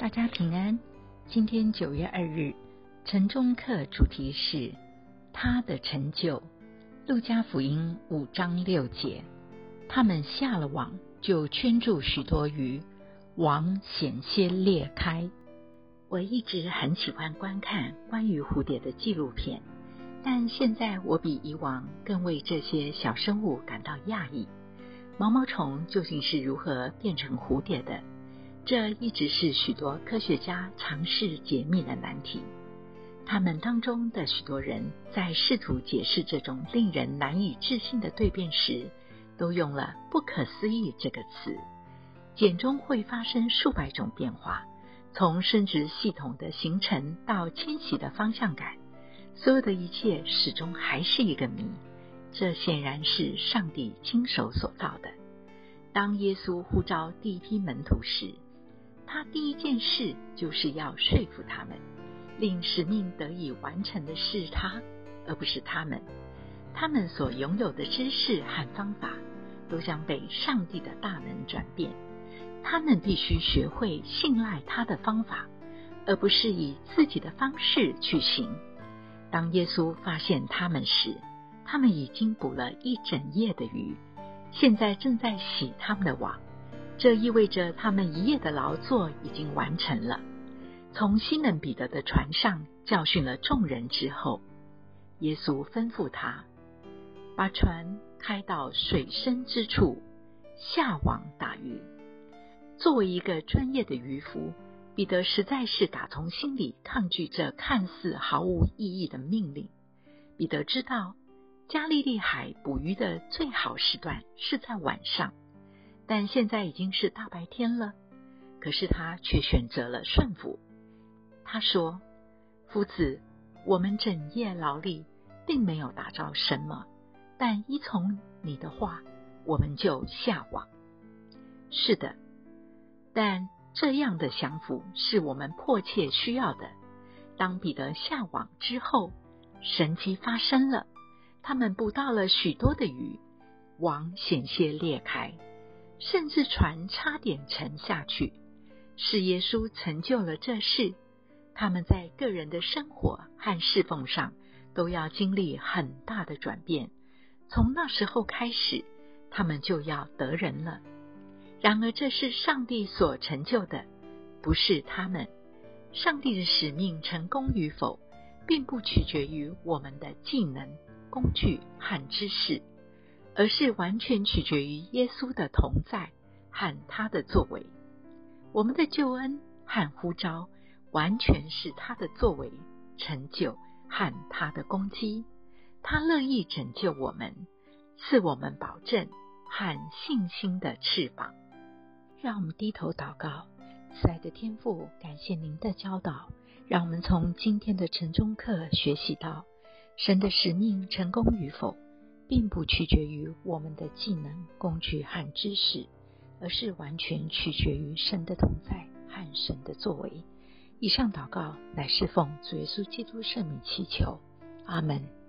大家平安。今天九月二日，晨鐘課主題是他的成就。路加福音五章六節，他們下了網就圈住許多魚，網險些裂開。我一直很喜歡觀看關於蝴蝶的紀錄片，但現在我比以往更為這些小生物感到訝異：毛毛蟲究竟是如何變成蝴蝶的？這一直是許多科學家嘗試解密的難題。他們當中的許多人在試圖解釋這種令人難以置信的蛻變時，都用了“不可思議”這個詞。繭中會發生數百種變化，從生殖系統的形成到遷徙的方向感，所有的一切始終還是一個謎。這顯然是上帝親手所造的。當耶穌呼召第一批門徒時，他第一件事就是要說服他們，令使命得以完成的是他，而不是他們。他們所擁有的知識和方法都將被上帝的大能轉變。他們必須學會信賴他的方法，而不是以自己的方式去行。當耶穌發現他們時，他們已經捕了一整夜的魚，現在正在洗他們的網。這意味着他們一夜的勞作已經完成了。從西門彼得的船上教訓了眾人之後，耶穌吩咐他把船開到水深之處下網打魚。作為一個專業的漁夫，彼得實在是打從心裡抗拒這看似毫無意義的命令。彼得知道加利利海捕魚的最好時段是在晚上。但現在已經是大白天了，可是他卻選擇了順服。他說：“夫子，我們整夜勞力，並沒有打著什麼，但依從你的話，我們就下網。是的，但這樣的降服是我們迫切需要的。”當彼得下網之後，神蹟發生了，他們捕到了許多的魚，網險些裂開。甚至船差點沉下去，是耶穌成就了這事。他們在個人的生活和侍奉上都要經歷很大的轉變。從那時候開始，他們就要得人了。然而，這是上帝所成就的，不是他們。上帝的使命成功與否，並不取決於我們的技能、工具和知識。而是完全取決於耶穌的同在和他的作為，我們的救恩和呼召完全是他的作為成就和他的攻擊。他樂意拯救我們，賜我們保證和信心的翅膀。讓我們低頭禱告，慈愛的天父，感謝您的教導，讓我們從今天的晨鐘課學習到神的使命成功與否。並不取決於我們的技能、工具和知識，而是完全取決於神的同在和神的作為。以上禱告乃是奉主耶穌基督聖名祈求，阿門。